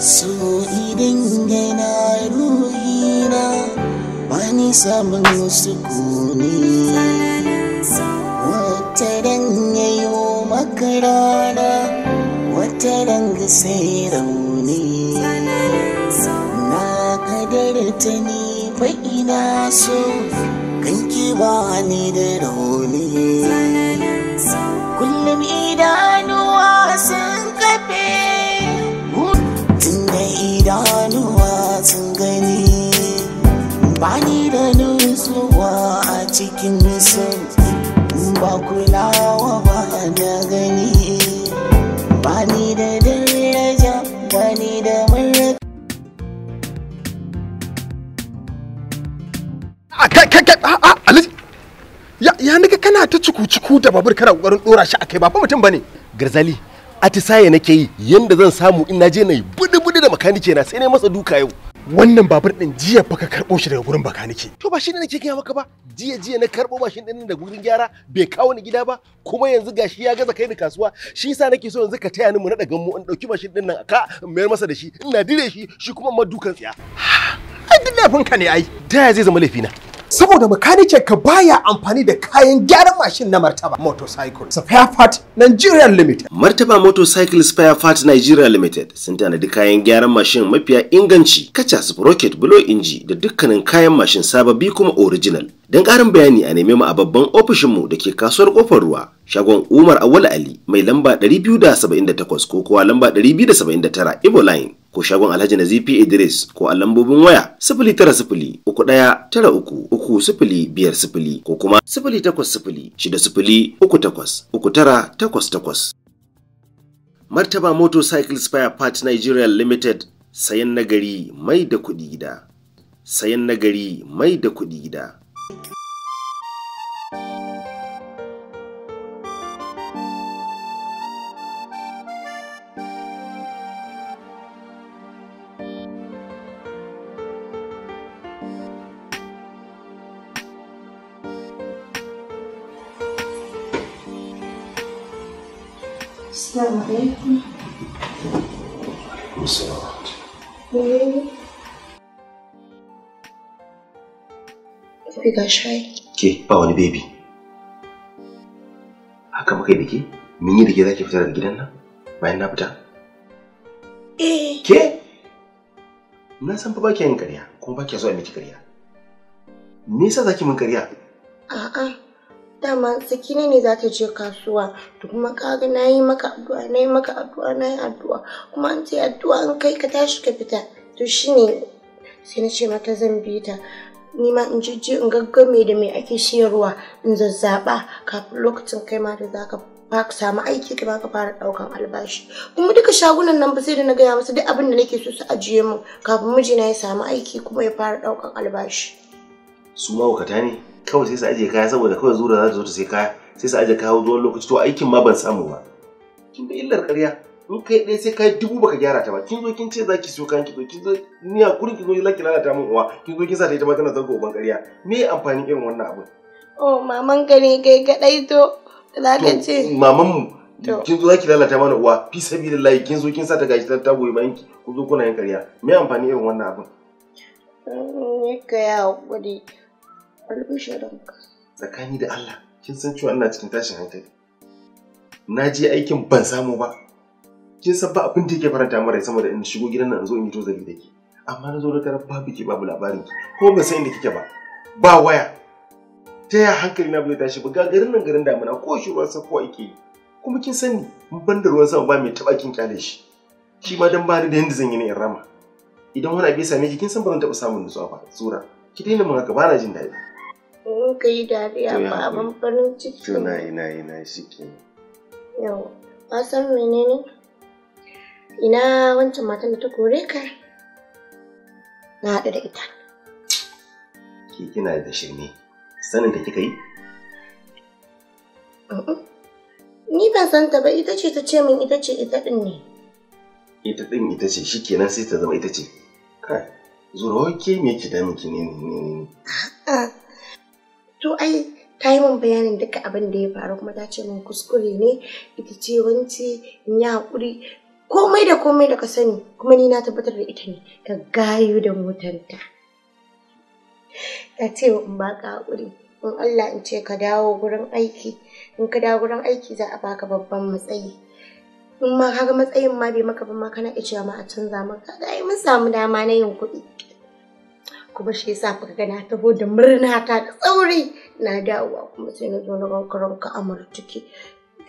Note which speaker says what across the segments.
Speaker 1: so idan gaina ruhina wani samun kone, wata ran yayo maka rana wata ran sai rauni na kadarta ni fa ina so kan ki ba ni da rauni ni da daraja ni da ah,
Speaker 2: ah, ah, kana ta cuku-cuku da babur kana kokarin ɗora shi a akai ba fa mutum bane garzali atisaye nake yi yanda zan samu in naje nayi budu-budu da makanike na sai ne matsa duka yau wannan babur din jiya fa ka karbo shi daga gurin bakanike to ba shi ne nake gaya maka ba jiya jiya na karbo mashin din daga gurin gyara bai kawo ni gida ba kuma yanzu gashi ya gaza kai ni kasuwa shi yasa nake so yanzu ka taya ni mu na daga mu in dauki mashin din nan ka mayar masa da shi ina dire shi shi kuma ma dukan tsiya ai duk laifin ne ai da ya zai zama laifina saboda makanike ka baya amfani da kayan gyaran mashin na martaba motorcycle spare part Nigeria Limited martaba motorcycle spare part Nigeria Limited sun tanadi kayan gyaran mashin mafiya inganci kacha sprocket blow inji da dukkanin kayan mashin sababi kuma original Don ƙarin bayani a neme mu a babban ofishinmu da ke kasuwar ƙofar ruwa shagon Umar Awal Ali mai lamba 278 ko kuwa lamba 279 Ibo Line ko shagon Alhaji Nazifi Idris ko a lambobin waya 09031933050 ko kuma 08060383988. Martaba Motorcycle Spire Part Nigeria Limited sayan nagari mai da kuɗi gida. Sayan nagari mai da kuɗi gida.
Speaker 3: alaikum. Menene? Baby ga shayi.
Speaker 2: Ke ba wani baby. Haka muka yi da ke? Mun yi da ke za ki fita daga gidan nan? Bayan na fita?
Speaker 3: Eh. Ke?
Speaker 2: Na san fa ba ki yin kuma ba ki so a miki karya Me yasa za ki min
Speaker 1: ƙarya? A'a. dama na ne za ta je kasuwa to kuma kaga na yi maka addu'a na yi maka addu'a na yi addu'a kuma an ce addu'a an kai ka tashi ka fita to shine sai na ce mata zan bi ta ni ma in jijji in gaggame da me ake shiyarwa in zazzaba kafin lokacin kai ma da zaka ba ka samu aiki ka baka fara daukan albashi kuma duka shagunan nan ba sai da na gaya masa duk abin da nake so su ajiye mu kafin mijina ya samu aiki kuma ya fara daukan albashi
Speaker 2: su mawukata ne kawai sai su ajiye kaya saboda kawai zura za ta zo ta sai kaya sai su ajiye kaya zuwa lokaci to aikin ma ban samu ba kin ga illar ƙarya in kai ɗaya sai kai dubu baka gyara ta ba kin zo kin ce za ki so kan ki zo kin zo ni a kurin ki zo ki lalata min uwa kin zo kin sa ta ita ma tana zargo uban ƙarya me amfanin irin wannan abu
Speaker 1: oh maman ka ne kai kadai to za ka ce maman mu kin
Speaker 2: zo za ki lalata mana uwa fi sabilillahi kin zo kin sa ta gashi ta goyi bayan ki ku zo kuna yin ƙarya me amfanin irin wannan abin
Speaker 1: mm, ka ya haƙuri a bai shi da
Speaker 2: tsakani da Allah kin san cewa ina cikin tashin hankali na je aikin ban samu ba kin san ba abin da yake faranta mara sama da in shigo gidan nan in zo in yi tozali da ke amma na zo da karar babu ke babu labarin ki ko ban san inda kike ba ba waya ta yaya hankali na bai tashi ba garin nan garin damina ko shi ruwan sakowa yake yi kuma kin sani ban da ruwan sama ba mai taɓa kin kyale shi shi ma dan bani da yanda zan yi na in rama idan wani abu ya same ki kin san ba zan taba samun nutsuwa ba tsura ki daina mun haka ba na jin daɗi
Speaker 1: mun ka yi dariya ba a farin ciki to na
Speaker 2: yi na yi na shi ke
Speaker 1: yau ba san menene ina wancan matan da ta kore ka na haɗu da ita
Speaker 2: ki kina da shirme sanin da kika yi
Speaker 1: ni ba san ta ba ita ce ta ce min ita ce ita din ne
Speaker 2: ita din ita ce shikenan sai ta zama ita ce kai zuwa ke me yake damun ki ne ne ne
Speaker 1: a'a To ai ta yi min bayanin duka abin da ya faru kuma ta ce min kuskure ne ita ce wanci in yi haƙuri komai da komai da ka sani kuma ni na tabbatar da ita ne ka gayu da motanta. Ta ce in baka haƙuri in Allah in ce ka dawo gurin aiki in ka dawo gurin aiki za a baka babban matsayi. In ma kaga matsayin ma bai maka ba ma kana iya cewa ma a canza maka ai mun samu dama na yin kuɗi. kuma shi yasa kuka ga na taho da murna ta da tsauri na dawowa kuma sai na zo na gankaron ka amurtuke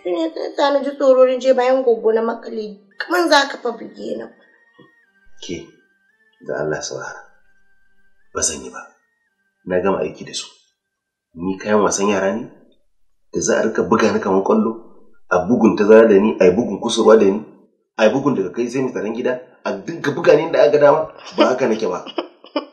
Speaker 1: shi ne sai sa na ji tsororin je bayan gogo na makale kaman za ka fa buge na
Speaker 2: ke da Allah saurara ba zan yi ba na gama aiki da su ni kayan wasan yara ne da za a rika buga ni kamar kwallo a bugun ta zara da ni a bugun kusurwa da ni a bugun daga kai sai mai tsaron gida a dinka buga ni da aka dama ba haka nake ba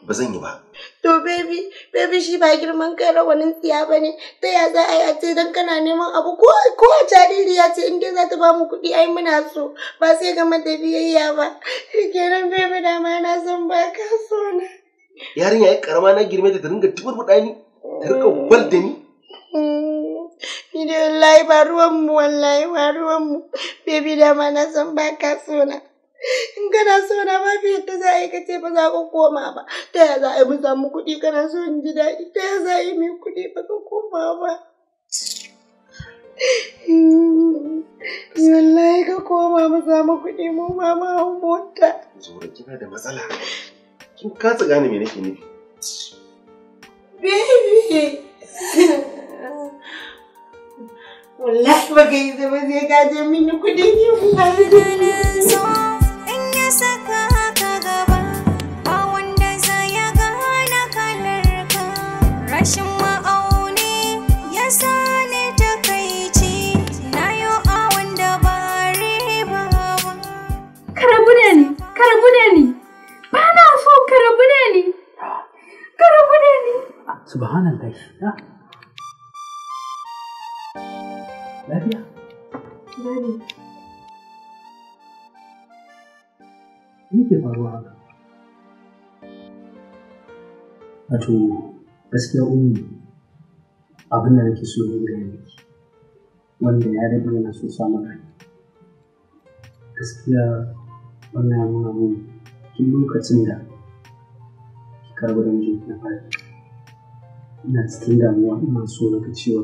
Speaker 2: ba zan yi ba.
Speaker 1: To baby, baby shi ba girman kai rawanin tsiya ba ne, ta ya za a yi a ce don kana neman abu ko a jariri ya ce in za ta ba mu kuɗi ai muna so ba sai ga mata biyayya ba. Kenan baby da ma na zan ba ka so na.
Speaker 2: Yarinya ya karama na girme ta dinga mu ni, ta rika wal da ni.
Speaker 1: Hmm, ni da wallahi ba mu wallahi ba mu, baby da ma na zan ba ka so na. in kana so na ba fi yadda za a yi ce ba za ka koma ba ta ya za a yi mu samu kuɗi kana so in ji daɗi ta ya za a yi mai kuɗi ba ka koma ba wallahi ka koma mu samu kuɗi mu ma ma mota zuwa kina da
Speaker 2: matsala kin kasa gane me nake nufi
Speaker 1: baby wallahi ba ga yi zama zai gaje mini kuɗi ne mu ba
Speaker 3: faruwa wato gaskiya umi abin da nake so ne wanda ya daɗe yana so samun rai gaskiya wannan ya nuna mun tun lokacin da ki karɓi ramji na fari ina cikin damuwa ina so na ga cewa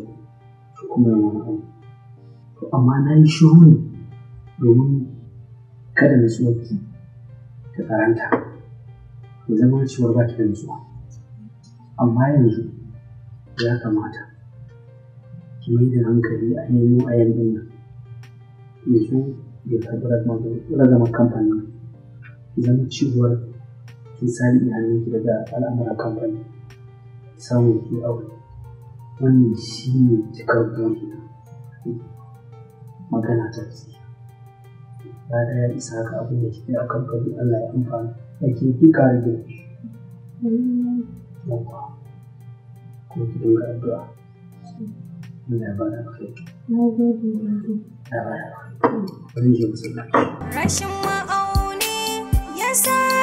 Speaker 3: ki kuma yin wani abu to amma na yi shiru ne domin kada na so ki ta karanta ya zama cewar ba ta nutsuwa amma yanzu ya kamata ki mai da hankali a nemo a yanzu nan yanzu ya karɓi ragamar kamfanin ki zama cewar kin sami ki daga al'amuran kamfanin samu ki aure wannan shi ne cikar magana ta ciki lada ya isa ga abin da kike a kan Allah ya amfana da ke ki kare da shi. ya bada kai. Na gode.
Speaker 4: Rashin ma'auni ya sa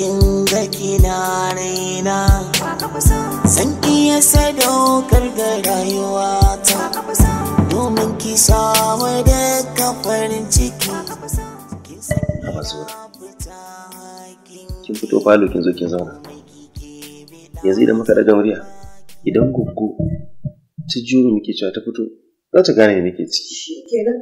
Speaker 1: kin ga kina raina san iya sadaukar da rayuwata domin ki samu da kafarin ciki
Speaker 3: kin fito falo kin zo kin zauna
Speaker 2: yanzu idan muka daga murya idan goggo ta juyo muke cewa ta fito za ta gane me nake ciki
Speaker 1: kenan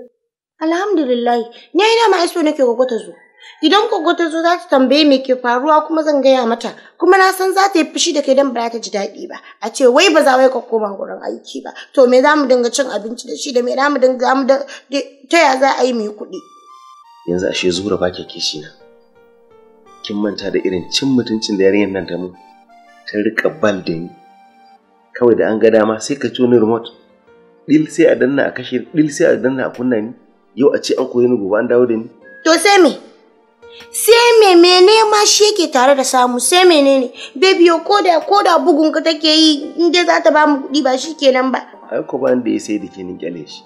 Speaker 1: alhamdulillah ni ai dama iso nake goggo ta zo Idan kogo ta zo za ta tambaye me ke faruwa kuma zan gaya mata, kuma na san za ta yi fushi da kai don ba ta ji daɗi ba. A ce wai ba za wai ka koma gurin aiki ba. To me za mu dinga cin abinci da shi da me za mu dinga mu ta ya za a yi mai kuɗi.
Speaker 2: Yanzu shi zura ba ke kishi na. Kin manta da irin cin mutuncin da yarinyar nan ta mu. Ta riƙa bal da ni. Kawai da an ga dama sai ka ni remote. Dil sai a danna a kashe, dil sai a danna a kunna ni. Yau a ce an koyi ni gobe an dawo da ni.
Speaker 1: To sai me? sai me ma shi yake tare da samu sai menene baby koda koda bugun ka take yi inda za ta ba mu kuɗi ba shi kenan ba ai ko
Speaker 2: ban da sai da ke ni kyale shi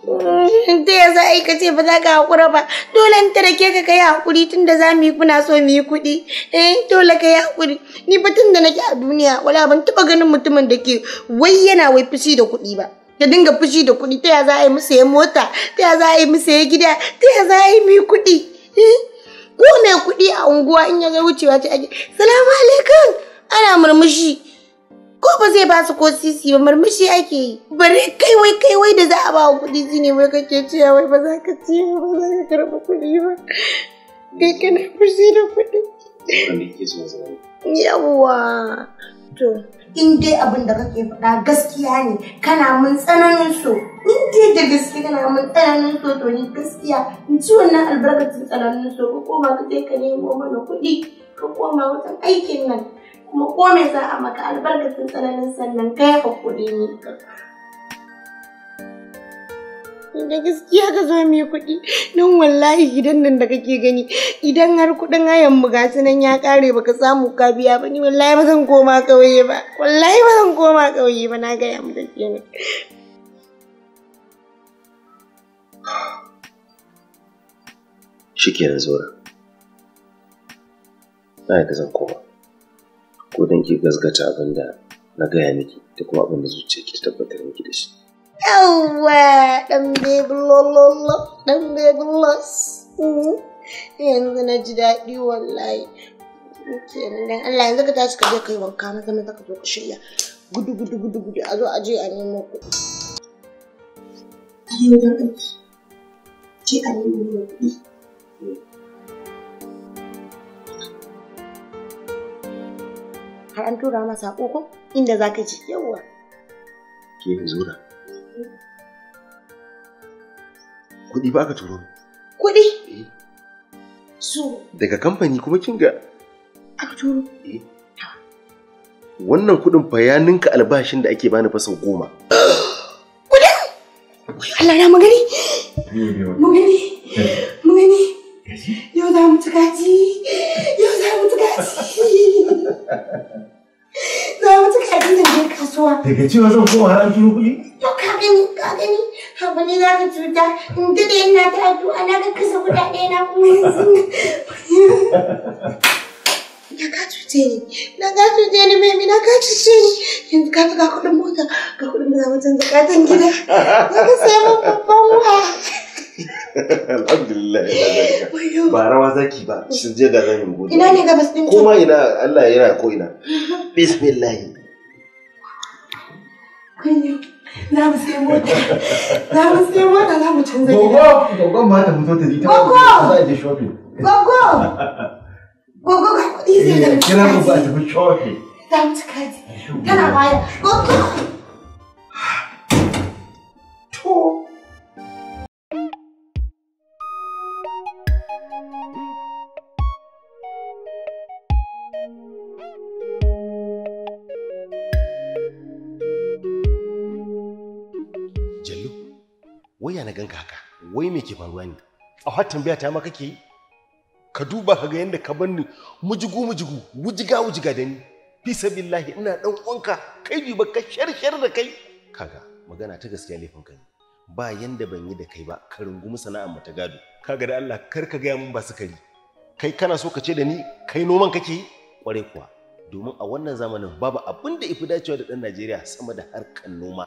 Speaker 1: in ya za a ka ce ba za ka hakura ba dole in ta da ke ka kai hakuri tunda za mu yi kuna so mu yi kuɗi eh dole ka yi hakuri ni ba tunda da nake a duniya wala ban taba ganin mutumin da ke wai yana wai fushi da kuɗi ba ta dinga fushi da kuɗi ta ya za a yi mu saye mota ta ya za a yi mu saye gida ta ya za a mu yi kuɗi eh, unguwa in ya zai wucewa ta ake salamu alaikum ana murmushi ko ba zai ba su ko sisi ba murmushi ake yi bari kai wai kai wai da za a ba wa kuɗi ne wai kake cewa wai ba za ka ci ba za ka karɓi kuɗi ba kai kana fushi da kuɗi yawwa to in dai abin da kake faɗa gaskiya ne kana mun tsananin so in dai da gaske kana mun tsananin so to ni gaskiya in ci wannan albarkacin tsananin so ka koma ka je ka nemo mana kuɗi ka koma wajen aikin nan kuma ko me za a maka albarkacin tsananin sannan kai hakuri ne da gaskiya ka zo mai kuɗi don wallahi gidan nan da kake gani idan har kuɗin hayan mu gasu nan ya ƙare baka samu ka biya ba ni wallahi ba zan koma ƙauye ba wallahi ba zan koma ƙauye ba na gaya mu da kenan
Speaker 3: shikenan zora na yadda zan koma ko don ki gasgata abin da na gaya miki da kuma abin da zuciya ki tabbatar miki da shi
Speaker 1: Yawwa ɗan baby lololo, ɗan baby los. Mm. Yanzu na ji daɗi wallahi. Kenan dan Allah yanzu ka tashi ka je kai wanka na zama zaka zo ka shirya. Gudu gudu gudu gudu a zo a je a nemo kuɗi. A yau zan ɗauki. Je a nemo kuɗi. Har an tura masa ko inda za ka ji yawwa.
Speaker 3: Ke zura.
Speaker 2: Kuɗi ba aka turo.
Speaker 1: Kuɗi? Eh.
Speaker 4: So.
Speaker 2: Daga kamfani kuma kin ga.
Speaker 4: Aka turo. Eh.
Speaker 2: Wannan kuɗin fa ya ninka albashin da ake bani fa sau goma.
Speaker 1: kuɗi Allah na magani. Magani. Eh. Magani. Yau za mu ci gaji. Yau za mu ci gaji. Za mu ci gaji da kasuwa. Daga cewa zan koma har an turo kuɗi? abu ne za ka cuta in daɗe ina ta addu'a na ga kasa kuɗaɗe na kuma yanzu na ka cuce ni na ka cuce ni baby na ka cuce ni yanzu ka ga kuɗin mota ga kuɗin da zama can zakatan gida na ka sai mun babban wa
Speaker 2: alhamdulillah ba rawa zaki ba sun je da zan yi gudu ina
Speaker 1: ne gabas ɗin kuma
Speaker 2: ina Allah yana ko ina mm-hmm. bismillah kunyo za mu sai mota
Speaker 1: za mu sai mota za mu canza gida
Speaker 2: gogo ma ta fito ta ji ta za a je shopping
Speaker 1: gogo gogo ga kuɗi zai da eh, kira ta
Speaker 2: yake faruwa ne a har tambaya ta ma ke ka duba ka ga yadda ka bar ni mujigu mujigu wujiga wujiga da ni fi sabillahi ina dan uwanka kai bi ba ka sharshar da kai kaga magana ta gaskiya laifin ka ba yanda ban yi da kai ba ka rungumi sana'ar mu ta gado kaga da Allah kar ka gaya mun ba su kari. kai kana so ka ce da ni kai noman kake yi kwarai kuwa domin a wannan zamanin babu abin da ifi dacewa da ɗan Najeriya sama da harkar noma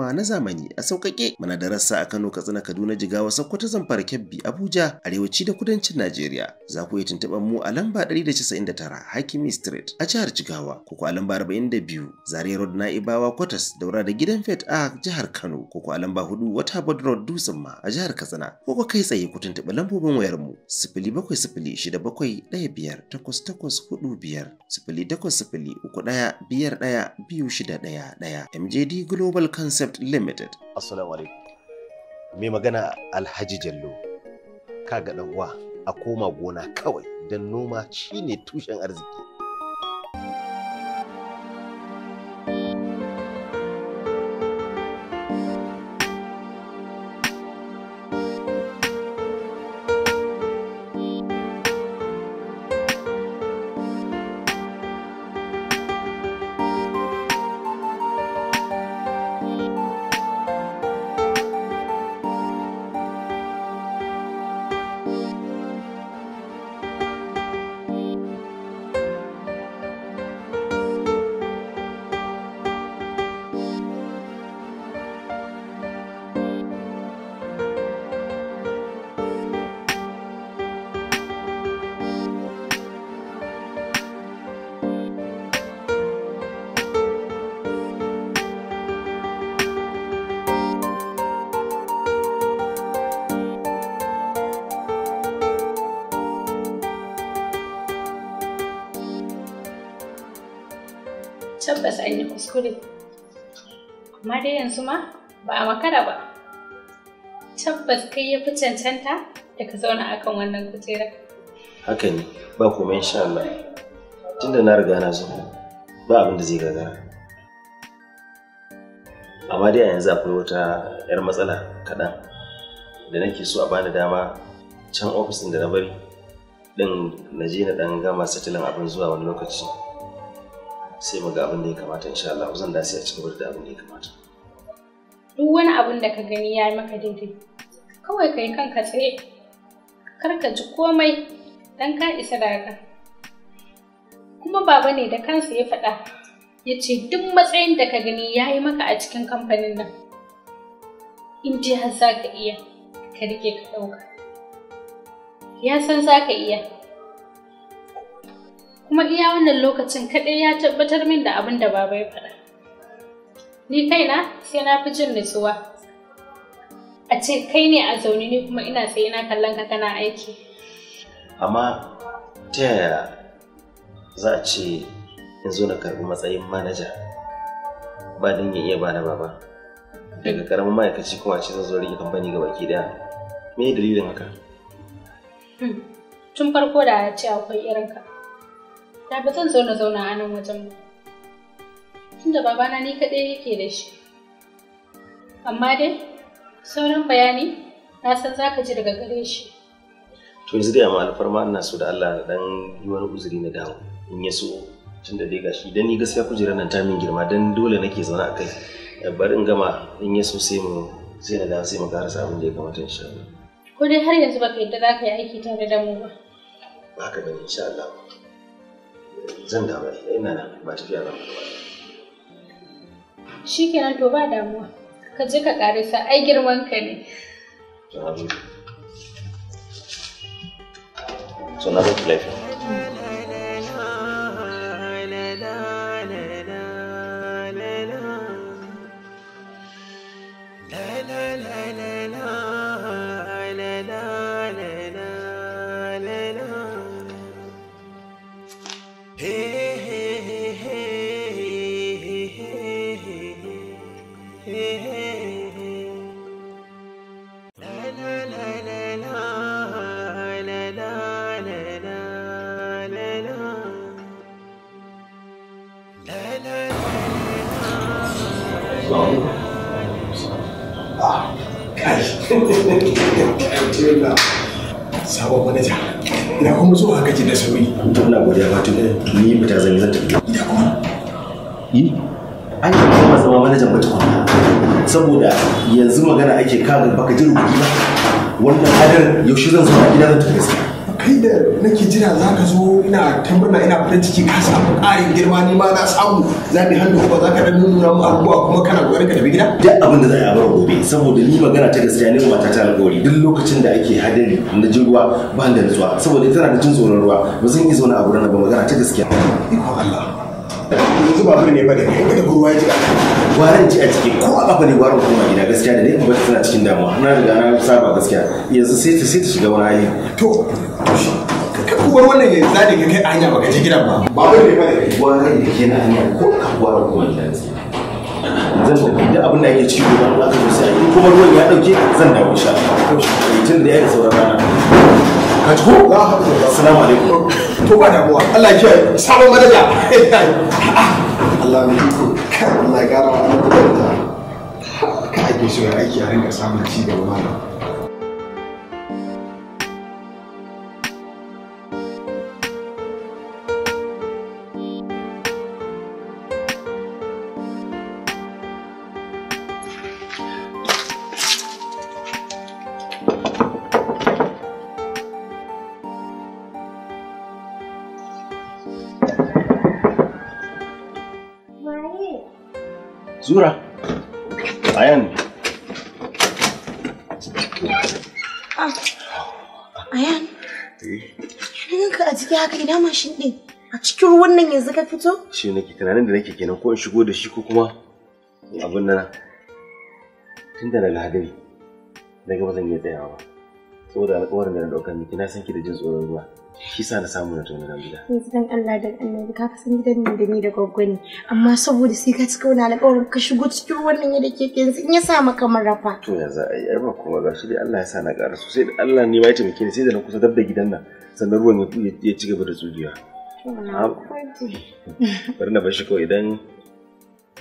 Speaker 2: al'umma na zamani a sauƙaƙe. Muna da a Kano, Katsina, Kaduna, Jigawa, Sokoto, Zamfara, Kebbi, Abuja, Arewaci da Kudancin Najeriya. Za ku iya tuntuɓar mu a lamba 199 Hakimi Street a jihar Jigawa, ko a lamba 42 Zaria Road Na'ibawa Kwatas daura da gidan Fet a jihar Kano, ko a lamba 4 Waterboard Road Dutsen ma a jihar Katsina, ko kai tsaye ku tuntuɓi lambobin wayar mu takwas 0803 uku ɗaya biyar ɗaya biyu shida ɗaya ɗaya mjd global concept Limited Limited. Assalamu alaikum. Mai magana Alhaji Jallo. ka dan uwa a koma gona kawai don noma shine tushen arziki.
Speaker 5: tabbas an yi kuskure amma dai yanzu ma ba a makara ba tabbas kai ya fi cancanta da ka zauna akan wannan kujera
Speaker 2: haka ne ba kuma insha Allah tunda na riga na zo ba abin da zai gagara amma dai a yanzu akwai wata 'yar matsala kaɗan da nake so a bani dama can ofis da na bari din na je na ɗan gama satilin abin zuwa wani lokaci sai
Speaker 3: mu ga abin da ya kamata insha Allah zan dace a cikin da abin da ya kamata
Speaker 5: duk wani abin da ka gani ya yi maka daidai kawai ka yi kanka tsaye kar ka ji komai dan ka isa daga kuma baba ne da kansa ya faɗa ya ce duk matsayin da ka gani ya yi maka a cikin kamfanin nan in ji har za ka iya ka rike ka ɗauka ya san za ka iya kuma iya wannan lokacin kaɗai ya tabbatar min da abin da baba ya faɗa. Ni kaina sai na fi jin nutsuwa. A ce kai ne a zaune ni kuma ina sai ina kallon ka kana aiki.
Speaker 2: Amma ta yaya za a ce in zo na karɓi matsayin manaja ba don ya iya bana baba. Daga karamin ma'aikaci kuma ce zan zo rike kamfani ga baki daya. Me dalilin haka?
Speaker 3: Hmm.
Speaker 5: Tun farko da ya ce akwai irinka. Da ba zan zo na zauna a nan wajen ba. Tunda babana ni kaɗai yake da shi. Amma dai, sauran bayani na san za ka ji daga gare shi.
Speaker 2: To yanzu dai amma alfarma ina so da Allah na dan yi wani uzuri na dawo in ya so da dai gashi dan ni gaskiya kujerar nan ta min girma dan dole nake zaune a kai. Eh, bari in gama in ya so sai mu sai na dawo sai mu karasa abin da ya kamata insha Allah.
Speaker 5: Ko dai har yanzu baka yadda za ka yi aiki tare da mu ba.
Speaker 2: Haka ne insha Allah. zan dawo da ina nan ba tafiya ba
Speaker 5: shi kenan to ba damuwa ka je ka karisa ai girman ka ne
Speaker 3: to na zo to
Speaker 2: na zo lafiya sabon manaja ina kuma zuwa gaji da sauri to ina godiya fatu ni fita zan zan tafi ina kuma yi an yi kuma zama manajan bata kuma saboda yanzu magana ake kawo baka ji rubuci ba wannan hadar yaushe zan zo a gida zan tafi gaskiya kai da nake jira za ka zo ina ta ina farin ciki ka samu ƙarin girma ni ma na samu za mu hannu ba za ka da nuna mu abubuwa kuma kana ƙoƙarin ka tafi gida duk abin da za a bar gobe saboda ni magana ta gaskiya ne mata ta alƙawari duk lokacin da ake hadari na jin ruwa ba da nutsuwa saboda tana da jin tsoron ruwa ba zan iya zauna a gurin ba magana ta gaskiya ikon Allah yanzu babur ne ba da kai da ruwa ji gwaran ji a ciki ko a kafa ne gwaran kuma gida gaskiya da ne kuma tana cikin damuwa na da gana saba gaskiya yanzu sai ta sai ta shiga wani hali to kuwar wannan ya zaɗi ka kai hanya ka ji gidan ba babur ne ba da kai gwaran da ke na hanya ko a gwaran kuma gida gaskiya zan tafi da abin da ake ciki gobe Allah ka zo sai kuma ruwan ya dauke zan dawo insha Allah tun da ya da sauran rana ka ji ko assalamu alaikum to ba damuwa Allah ya sabon madaja Allah Allah ya gara wa Allah ka ake aiki a rinka
Speaker 3: samun ci gaba malam
Speaker 2: Zura, Ayan.
Speaker 1: Ah, Ayan. Ina ka a haka ina mashin ɗin. A cikin ruwan nan yanzu ka fito?
Speaker 2: Shi nake tunanin da nake kenan ko in shigo da shi ko kuma abin nan. Tunda na ga hadari, na ga ba zan iya tsayawa ba. Saboda alƙawarin da na ɗaukar miki na san ki da jin tsoron ruwa. shi sa na samu na tona gida
Speaker 1: yanzu dan Allah dan annabi ka san gidan nan da ni da ne amma saboda sai ka cika na alƙawarin ka shigo cikin wannan yadda ke yanzu in ya sa maka marafa
Speaker 2: to yanzu ai ai ba kuma shi dai Allah ya sa na ƙara sosai da Allah ne ya taimake ni sai da na kusa dab da gidan nan sannan ruwan ya ci gaba da tsugewa bari na shi kawai idan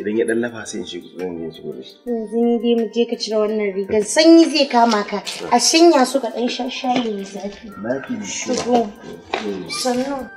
Speaker 2: idan ya dan lafa sai in shigo zan je shigo da shi
Speaker 1: yanzu ni dai mu je ka cire wannan rigar sanyi zai kama ka a shanya su ka dan shashaye zafi zafi shi sannan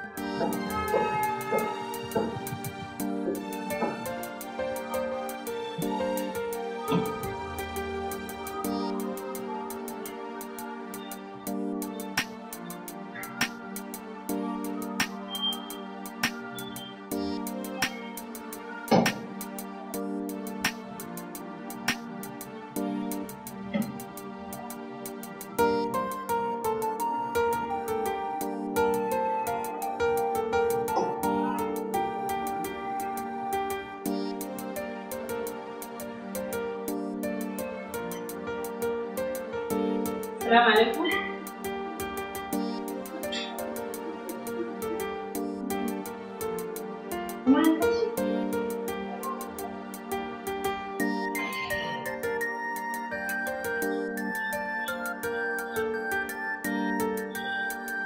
Speaker 5: Assalamu alaikum.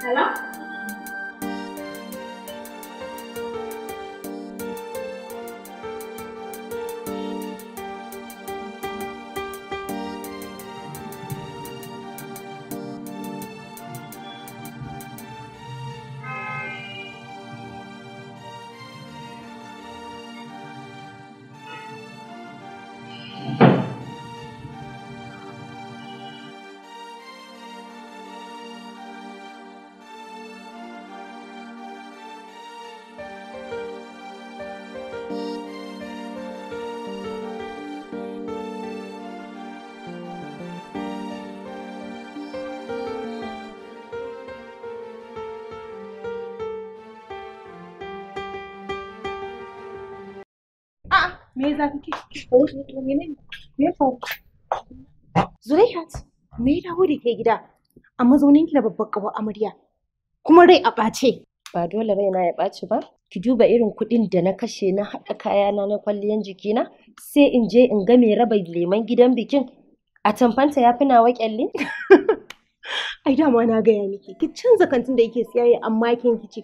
Speaker 5: Hello? me
Speaker 4: za ka ke ko me faru Zulaihat me ya dawo da ke gida a mazaunin ki da babbar kawo amarya kuma rai a ɓace ba dole raina ya ɓaci ba ki duba irin kuɗin da na kashe na haɗa kayana na kwalliyan jikina sai in je in ga mai raba leman gidan bikin a tamfanta ya fi nawa ƙyalli? ai dama na gaya miki ki canza kantin da yake siyaye, amma kin kici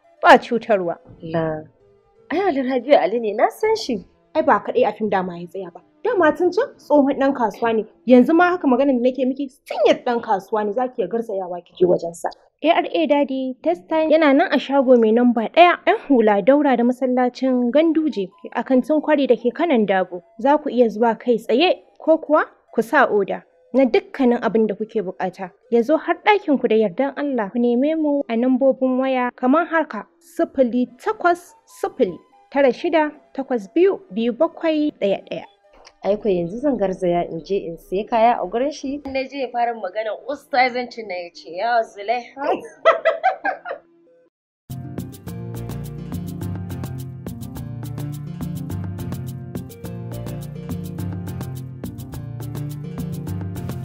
Speaker 4: ba cutarwa. La, ai Rabi'u Ali ne na san shi. Ai ba kaɗai a fim dama ya tsaya ba. Dama tun can tsohon ɗan kasuwa ne. Yanzu ma haka maganar da nake miki sinyar ɗan kasuwa ne za ki iya garzayawa ki je wajensa. ARA Daddy test time yana nan a shago mai namba ɗaya ‘yan hula daura da masallacin ganduje a kantin kwari da ke kanan dabo. Za ku iya zuwa kai tsaye ko kuwa ku sa oda. na dukkanin abin da kuke bukata. Ya zo har ɗakin ku da yardan Allah ku neme mu a nambobin waya kamar harka sifili takwas sifili tara shida takwas biyu biyu bakwai ɗaya ɗaya. Aiko yanzu zan garzaya in je in sayi kaya a gurin shi. Na je fara magana ustazancin na ya ce yawa zule.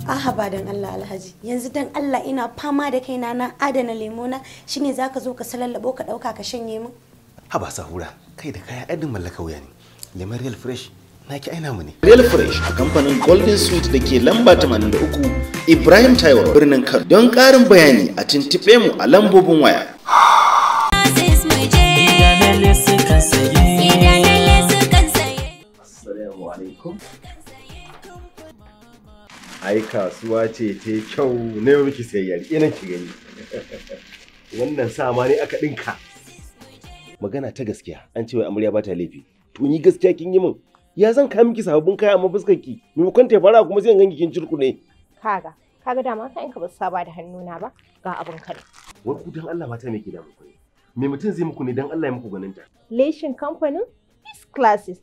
Speaker 1: Ahaba ba dan Allah Alhaji yanzu dan Allah ina fama da kaina na adana lemona shine zaka zo ka salallabo ka ɗauka ka shanye min.
Speaker 2: Haba sahura kai da kaya ɗan mallaka wuya ne. Lemon Real Fresh naki aina mu ne. Real Fresh a kamfanin Golden Sweet da ke lamba 83 Ibrahim Taiwo birnin Kano. Don ƙarin bayani a tuntuɓe mu a lambobin waya. Assalamu ai kasuwa ce ta kyau na yau miki sayayyar ina ki gani wannan ma ne aka dinka magana ta gaskiya an ce wai amarya ba ta laifi to ni gaskiya kin yi min ya zan ka miki sababbin kaya amma fuskar ki maimakon ta fara kuma sai in ganki kin cirku ne
Speaker 4: kaga kaga dama ka in ka ba saba da hannuna ba ga abin kare
Speaker 2: wai ku dan Allah mata me ke da muku ne me mutum zai muku ne dan Allah ya muku ganin ta
Speaker 4: leshin kamfanin class classes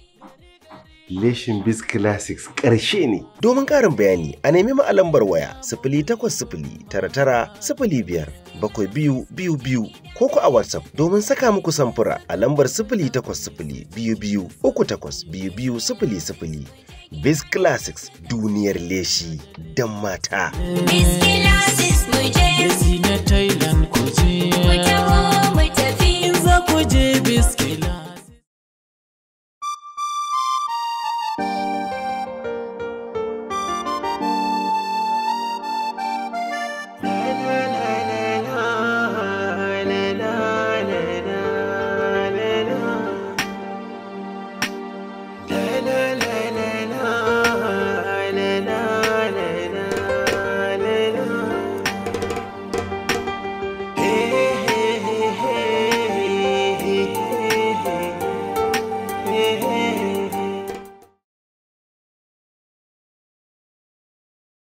Speaker 2: Leshin Biz Classics ƙarshe ne. Domin ƙarin bayani a nemi mu lambar waya sifili takwas sifili tara tara sifili biyar bakwai biyu biyu biyu ko ku a WhatsApp domin saka muku samfura a lambar sifili takwas sifili biyu biyu uku takwas biyu biyu sifili sifili. Biz Classics duniyar leshi don
Speaker 4: mata. Biz
Speaker 3: Classics mu je. na Thailand ku je. Mu tafi.